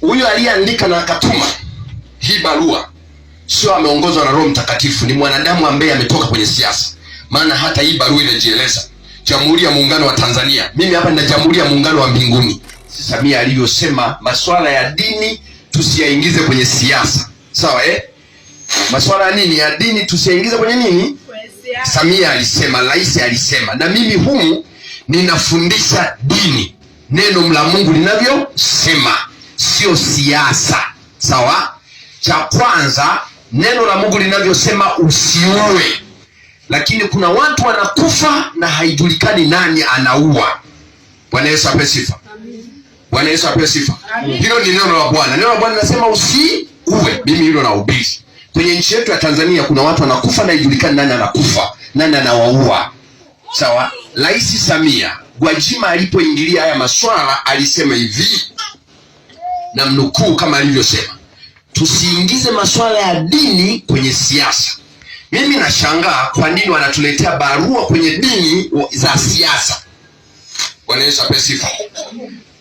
huyu aliyeandika na akatuma hii barua sio ameongozwa na Roho Mtakatifu, ni mwanadamu ambaye ametoka kwenye siasa. Maana hata hii barua inajieleza, Jamhuri ya Muungano wa Tanzania. Mimi hapa nina Jamhuri ya Muungano wa Mbinguni. Samia alivyosema masuala ya dini tusiyaingize kwenye siasa, sawa eh? Masuala ya nini ya dini tusiyaingize kwenye nini? Samia alisema, rais alisema, na mimi humu ninafundisha dini, neno la Mungu linavyosema sio siasa. Sawa. Cha kwanza neno la Mungu linavyosema usiue, lakini kuna watu wanakufa na haijulikani nani anaua. Bwana Yesu ape sifa. Bwana Yesu ape sifa. Hilo ni neno la Bwana. Neno la Bwana linasema usiue. Mimi hilo na ubishi kwenye nchi yetu ya Tanzania. Kuna watu wanakufa na haijulikani nani anakufa, nani anawaua. Sawa. raisi Samia Gwajima alipoingilia haya maswala alisema hivi na mnukuu kama alivyosema, tusiingize masuala ya dini kwenye siasa. Mimi nashangaa kwa nini wanatuletea barua kwenye dini za siasa. Bwana Yesu apewe sifa.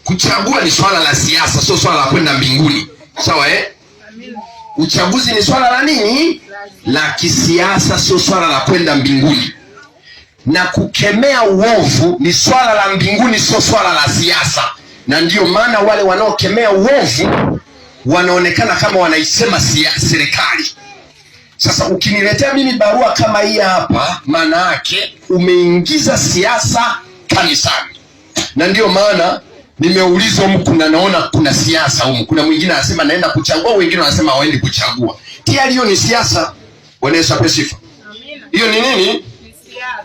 Kuchagua ni swala la siasa, sio swala la kwenda mbinguni, sawa eh? Uchaguzi ni swala la nini? La kisiasa, sio swala la kwenda mbinguni. Na kukemea uovu ni swala la mbinguni, sio swala la siasa na ndiyo maana wale wanaokemea uovu wanaonekana kama wanaisema serikali. Sasa ukiniletea mimi barua kama hii hapa, maana yake umeingiza siasa kanisani, na ndiyo maana nimeulizwa huku na naona kuna siasa huku. Kuna mwingine anasema naenda kuchagua, wengine wanasema waendi kuchagua. Tayari hiyo ni siasa. Bwana Yesu asifiwe. Hiyo ni nini?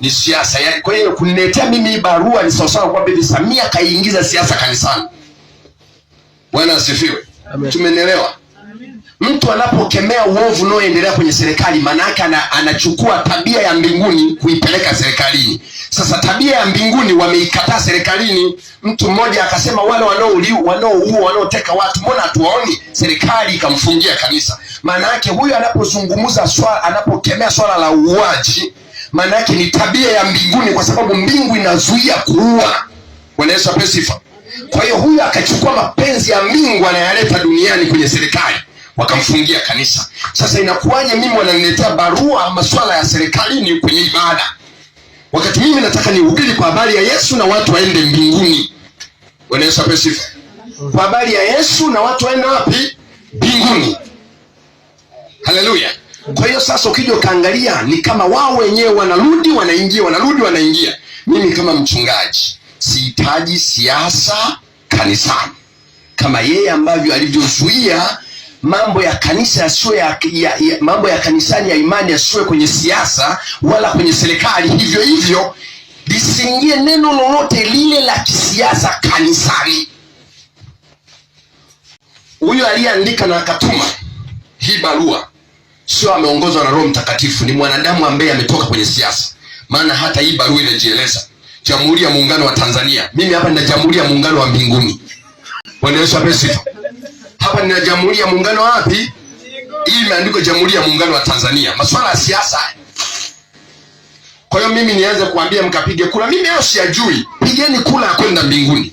ni siasa yani. Kwa hiyo kuniletea mimi barua ni sawasawa kwa Bibi Samia kaiingiza siasa kanisani. Bwana asifiwe, tumenielewa? Mtu anapokemea uovu unaoendelea kwenye serikali, maanake anachukua tabia ya mbinguni kuipeleka serikalini. Sasa tabia ya mbinguni wameikataa serikalini. Mtu mmoja akasema, wale wanaouliwa, wanaoua, wanaoteka watu, mbona hatuwaoni? Serikali ikamfungia kanisa. Maana yake huyu anapozungumza swala, anapokemea swala la uuaji maana yake ni tabia ya mbinguni, kwa sababu mbingu inazuia kuua. Bwana Yesu apewe sifa. Kwa hiyo huyu akachukua mapenzi ya mbingu anayaleta duniani kwenye serikali, wakamfungia kanisa. Sasa inakuwaje mimi wananiletea barua masuala ya serikalini kwenye ibada, wakati mimi nataka nihubiri kwa habari ya Yesu na watu waende mbinguni? Bwana Yesu apewe sifa. Kwa habari ya Yesu na watu waende wapi? Mbinguni. Haleluya. Kwa hiyo sasa ukija ukaangalia ni kama wao wenyewe wanarudi wanaingia, wanarudi wanaingia. Mimi kama mchungaji sihitaji siasa kanisani kama yeye ambavyo alivyozuia mambo ya kanisa yasiwe ya, ya, ya, mambo ya kanisani ya imani yasiwe kwenye siasa wala kwenye serikali. Hivyo hivyo lisiingie neno lolote lile la kisiasa kanisani. Huyo aliyeandika na akatuma hii barua sio ameongozwa na Roho Mtakatifu, ni mwanadamu ambaye ametoka kwenye siasa. Maana hata hii barua inajieleza Jamhuri ya Muungano wa Tanzania. Mimi hapa nina Jamhuri ya Muungano wa mbinguni. Bwana Yesu asifiwe. Hapa nina Jamhuri ya Muungano wapi? Hii imeandikwa Jamhuri ya Muungano wa Tanzania. Masuala ya siasa. Kwa hiyo mimi nianze kuambia mkapige kula. Mimi leo siyajui. Pigeni kula ya kwenda mbinguni.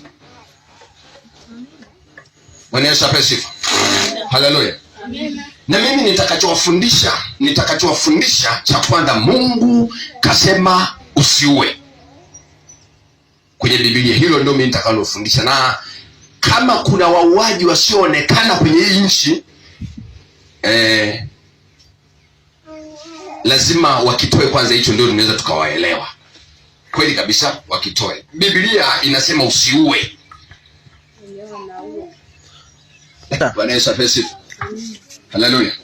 Bwana Yesu asifiwe. Haleluya. Amen na mimi nitakachowafundisha nitakachowafundisha cha kwanza, Mungu kasema usiue kwenye Biblia, hilo ndio mimi nitakalofundisha. Na kama kuna wauaji wasioonekana kwenye hii nchi eh, lazima wakitoe kwanza, hicho ndio tunaweza tukawaelewa kweli kabisa. Wakitoe, Biblia inasema usiue. Bwana Yesu asifiwe. Haleluya.